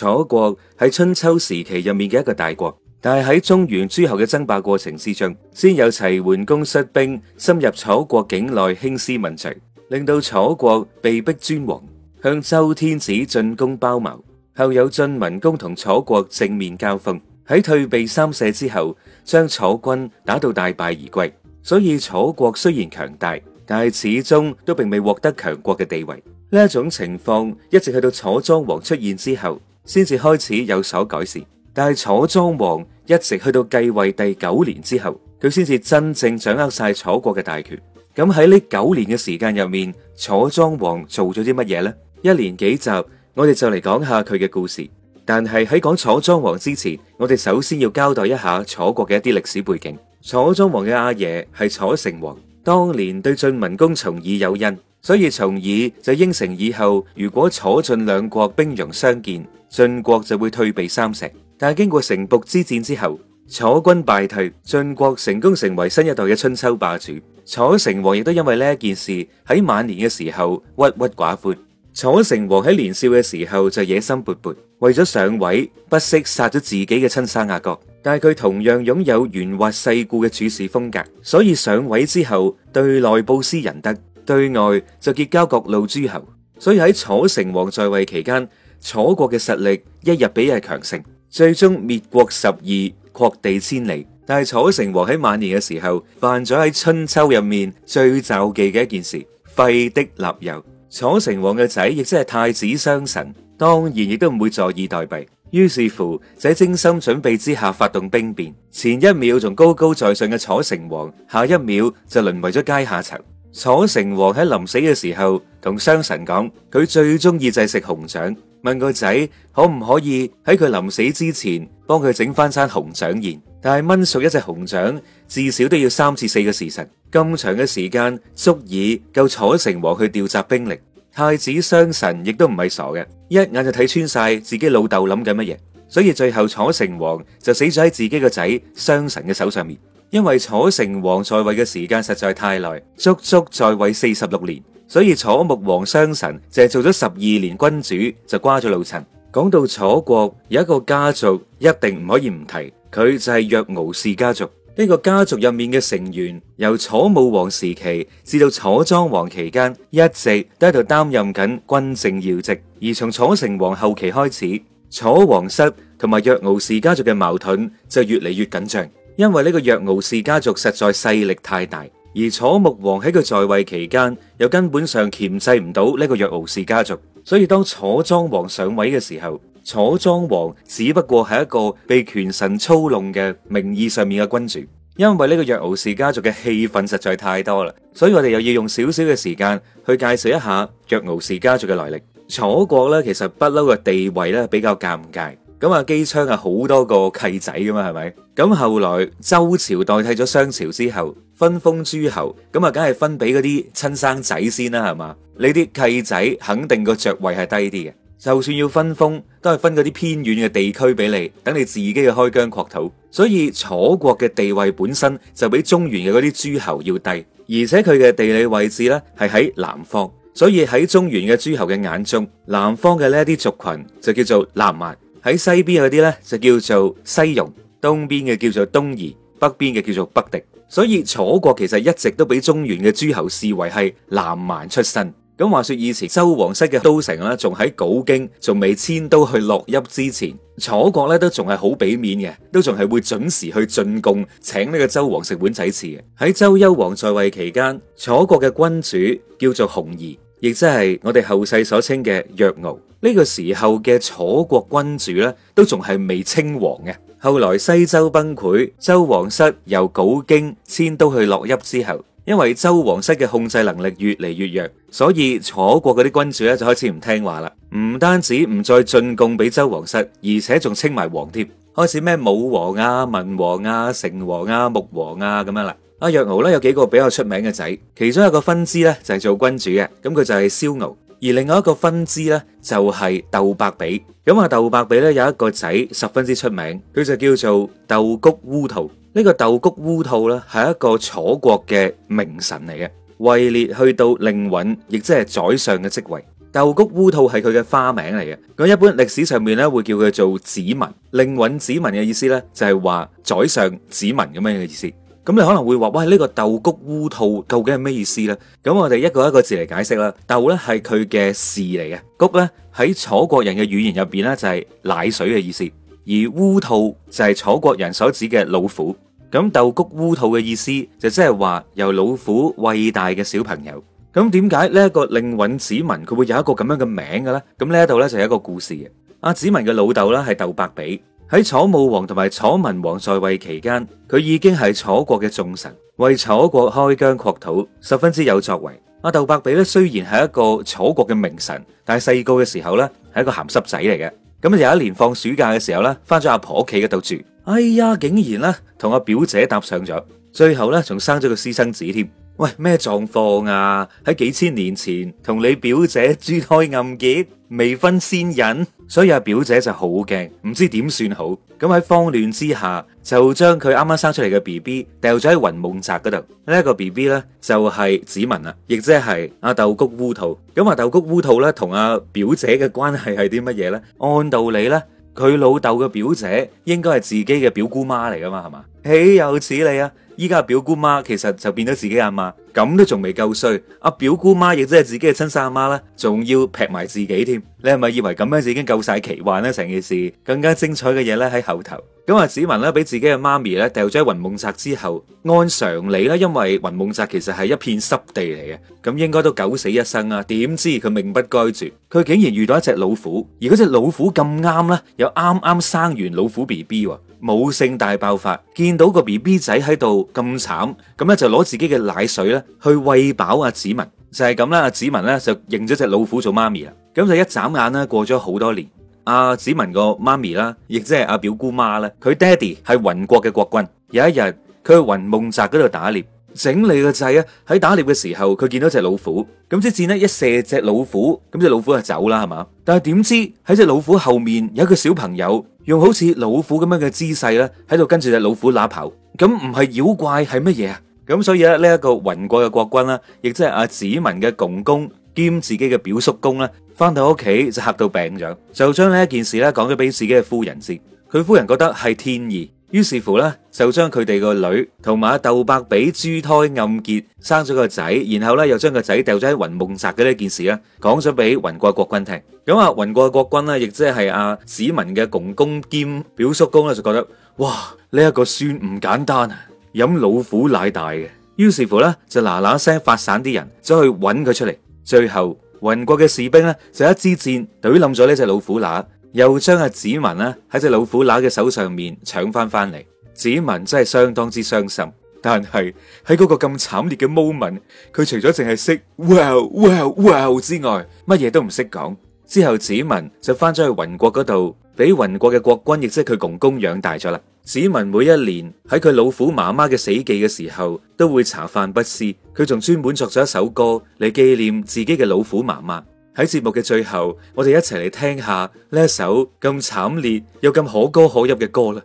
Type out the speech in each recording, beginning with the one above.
楚國係春秋時期入面嘅一個大國，但係喺中原諸侯嘅爭霸過程之中，先有齊桓公率兵深入楚國境內興師問罪，令到楚國被迫尊王向周天子進攻包謀。後有晉文公同楚國正面交鋒，喺退避三舍之後，將楚軍打到大敗而歸。所以楚國雖然強大，但係始終都並未獲得強國嘅地位。呢一種情況一直去到楚莊王出現之後。先至開始有所改善，但係楚莊王一直去到繼位第九年之後，佢先至真正掌握晒楚國嘅大權。咁喺呢九年嘅時間入面，楚莊王做咗啲乜嘢呢？一連幾集，我哋就嚟講下佢嘅故事。但係喺講楚莊王之前，我哋首先要交代一下楚國嘅一啲歷史背景。楚莊王嘅阿爺係楚成王，當年對晉文公從已有恩。所以從而就應承以後，如果楚晉兩國兵戎相見，晉國就會退避三舍。但係經過城濮之戰之後，楚軍敗退，晉國成功成為新一代嘅春秋霸主。楚成王亦都因為呢一件事喺晚年嘅時候鬱鬱寡歡。楚成王喺年少嘅時候就野心勃勃，為咗上位不惜殺咗自己嘅親生阿哥。但係佢同樣擁有圓滑世故嘅處事風格，所以上位之後對內佈施仁德。對外就結交各路諸侯，所以喺楚成王在位期間，楚國嘅實力一日比一日強盛，最終滅國十二，擴地千里。但係楚成王喺晚年嘅時候，犯咗喺春秋入面最咒忌嘅一件事——廢嫡立幼。楚成王嘅仔亦即係太子商臣，當然亦都唔會坐以待斃。於是乎，喺精心準備之下，發動兵變。前一秒仲高高在上嘅楚成王，下一秒就淪為咗階下囚。楚成王喺臨死嘅時候同商臣講，佢最中意就係食熊掌，問個仔可唔可以喺佢臨死之前幫佢整翻餐熊掌宴。但係燜熟一隻熊掌至少都要三至四個時辰，咁長嘅時間足以夠楚成王去調集兵力。太子商臣亦都唔係傻嘅，一眼就睇穿晒自己老豆諗緊乜嘢，所以最後楚成王就死咗喺自己個仔商臣嘅手上面。因為楚成王在位嘅時間實在太耐，足足在位四十六年，所以楚穆王商臣就係做咗十二年君主就瓜咗老陳。講到楚國，有一個家族一定唔可以唔提，佢就係若敖氏家族。呢、這個家族入面嘅成員由楚武王時期至到楚莊王期間，一直都喺度擔任緊軍政要職，而從楚成王後期開始，楚王室同埋若敖氏家族嘅矛盾就越嚟越緊張。因為呢個若敖氏家族實在勢力太大，而楚穆王喺佢在位期間又根本上鉗制唔到呢個若敖氏家族，所以當楚莊王上位嘅時候，楚莊王只不過係一個被權臣操弄嘅名義上面嘅君主。因為呢個若敖氏家族嘅戲份實在太多啦，所以我哋又要用少少嘅時間去介紹一下若敖氏家族嘅來歷。楚國咧，其實不嬲嘅地位咧比較尷尬。咁啊，姬昌啊，好多個契仔噶嘛，係咪？咁後來周朝代替咗商朝之後，分封諸侯，咁啊，梗係分俾嗰啲親生仔先啦，係嘛？你啲契仔肯定個爵位係低啲嘅，就算要分封，都係分嗰啲偏遠嘅地區俾你，等你自己嘅開疆擴土。所以楚國嘅地位本身就比中原嘅嗰啲諸侯要低，而且佢嘅地理位置呢係喺南方，所以喺中原嘅諸侯嘅眼中，南方嘅呢啲族群就叫做南蠻。喺西邊嗰啲呢，就叫做西戎，東邊嘅，叫做東夷，北邊嘅，叫做北狄。所以楚國其實一直都俾中原嘅諸侯視為係南蠻出身。咁話說以前周王室嘅都城呢，仲喺鎬京，仲未遷都去洛邑之前，楚國呢都仲係好俾面嘅，都仲係會準時去進貢，請呢個周王食碗仔翅嘅。喺周幽王在位期間，楚國嘅君主叫做熊儀，亦即係我哋後世所稱嘅若敖，呢個時候嘅楚國君主咧，都仲係未稱王嘅。後來西周崩潰，周王室由鎬京遷都去洛邑之後，因為周王室嘅控制能力越嚟越弱，所以楚國嗰啲君主咧就開始唔聽話啦，唔單止唔再進貢俾周王室，而且仲稱埋王添。開始咩武王啊、文王啊、成王啊、穆王啊咁樣啦。阿若敖咧有幾個比較出名嘅仔，其中一個分支咧就係、是、做君主嘅，咁佢就係霄敖；而另外一個分支咧就係、是、鬥伯比。咁啊鬥伯比咧有一個仔十分之出名，佢就叫做鬥谷烏兔。這個、烏兔呢個鬥谷烏兔咧係一個楚國嘅名臣嚟嘅，位列去到令尹，亦即係宰相嘅職位。鬥谷烏兔係佢嘅花名嚟嘅，咁一般歷史上面咧會叫佢做子文，令尹子文嘅意思咧就係話宰相子文咁樣嘅意思。咁你可能會話，喂，呢個鬥谷烏兔究竟係咩意思咧？咁我哋一個一個字嚟解釋啦。鬥咧係佢嘅氏嚟嘅，谷咧喺楚國人嘅語言入邊咧就係奶水嘅意思，而烏兔就係楚國人所指嘅老虎。咁鬥谷烏兔嘅意思就即係話由老虎餵大嘅小朋友。咁點解呢一個令尹子文佢會有一個咁樣嘅名嘅咧？咁呢一度咧就係一個故事嘅。阿、啊、子文嘅老豆呢啦係鬥伯比，喺楚武王同埋楚文王在位期間，佢已經係楚國嘅重臣，為楚國開疆擴土，十分之有作為。阿鬥伯比咧雖然係一個楚國嘅名臣，但係細個嘅時候咧係一個鹹濕仔嚟嘅。咁有一年放暑假嘅時候啦，返咗阿婆屋企嗰度住，哎呀，竟然咧同阿表姐搭上咗，最後咧仲生咗個私生子添。喂，咩狀況啊？喺幾千年前，同你表姐珠胎暗結，未婚先孕，所以阿、啊、表姐就好驚，唔知點算好。咁喺慌亂之下，就將佢啱啱生出嚟嘅 B B 掉咗喺雲夢澤嗰度。這個、BB 呢一個 B B 咧就係、是、子文啊，亦即係阿豆谷烏兔。咁阿豆谷烏兔咧同阿表姐嘅關係係啲乜嘢咧？按道理咧，佢老豆嘅表姐應該係自己嘅表姑媽嚟噶嘛，係嘛？豈有此理啊！依家阿表姑媽其實就變咗自己阿媽。咁都仲未夠衰，阿表姑媽亦即係自己嘅親生阿媽啦，仲要劈埋自己添。你係咪以為咁樣就已經夠晒奇幻咧？成件事更加精彩嘅嘢咧喺後頭。咁啊，子文咧俾自己嘅媽咪咧掉咗喺雲夢澤之後，按常理咧，因為雲夢澤其實係一片濕地嚟嘅，咁應該都九死一生啊。點知佢命不該絕，佢竟然遇到一隻老虎，而嗰隻老虎咁啱咧又啱啱生完老虎 BB，母性大爆發，見到個 BB 仔喺度咁慘，咁咧就攞自己嘅奶水咧。去餵飽阿子文就係咁啦，阿子文咧，就認咗隻老虎做媽咪啦。咁就一眨眼啦，過咗好多年，阿、啊、子文個媽咪啦，亦即係阿表姑媽咧，佢爹哋係雲國嘅國君。有一日，佢去雲夢澤嗰度打獵，整理個制啊。喺打獵嘅時候，佢見到隻老虎，咁即係呢一射隻老虎，咁隻老虎就走啦，係嘛？但係點知喺隻老虎後面有一個小朋友，用好似老虎咁樣嘅姿勢咧，喺度跟住隻老虎乸跑。咁唔係妖怪係乜嘢啊？咁所以咧，呢一個雲國嘅國君啦，亦即係阿子文嘅公公兼自己嘅表叔公咧，翻到屋企就嚇到病咗，就將呢一件事咧講咗俾自己嘅夫人知。佢夫人覺得係天意，於是乎咧就將佢哋個女同埋阿鬥伯比珠胎暗結生咗個仔，然後咧又將個仔掉咗喺雲夢澤嘅呢一件事咧講咗俾雲國嘅國君聽。咁啊，雲國嘅國君咧，亦即係阿子文嘅公公兼表叔公咧，就覺得哇，呢一個孫唔簡單啊！飲老虎奶大嘅，於是乎咧就嗱嗱聲發散啲人走去揾佢出嚟，最後雲國嘅士兵呢，就一支箭㨃冧咗呢隻老虎乸，又將阿子文呢喺隻老虎乸嘅手上面搶翻翻嚟，子文真係相當之傷心，但係喺嗰個咁慘烈嘅 moment，佢除咗淨係識 wow wow wow 之外，乜嘢都唔識講，之後子文就翻咗去雲國嗰度，俾雲國嘅國君亦即係佢公公養大咗啦。子文每一年喺佢老虎媽媽嘅死忌嘅時候，都會茶飯不思。佢仲專門作咗一首歌嚟紀念自己嘅老虎媽媽。喺節目嘅最後，我哋一齊嚟聽下呢一首咁慘烈又咁可歌可泣嘅歌啦。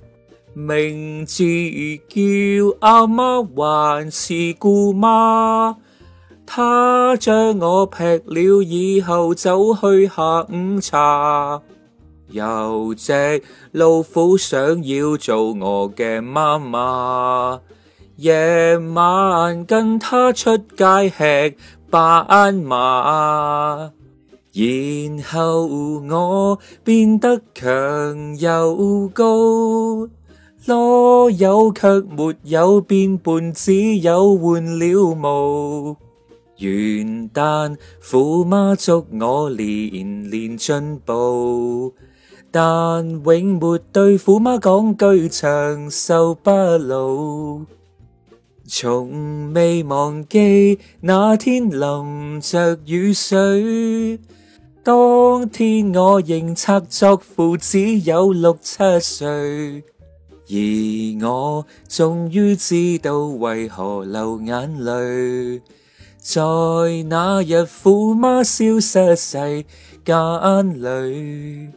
名字如叫阿媽還是姑媽，她將我劈了以後，走去下午茶。有隻老虎想要做我嘅媽媽，夜晚跟她出街吃斑馬，然後我變得強又高，囉柚卻沒有變半，只有換了毛。元旦，虎媽祝我年年進步。但永沒對虎媽講句長壽不老，從未忘記那天淋着雨水。當天我仍察作父子有六七歲，而我終於知道為何流眼淚，在那日虎媽消失世間裏。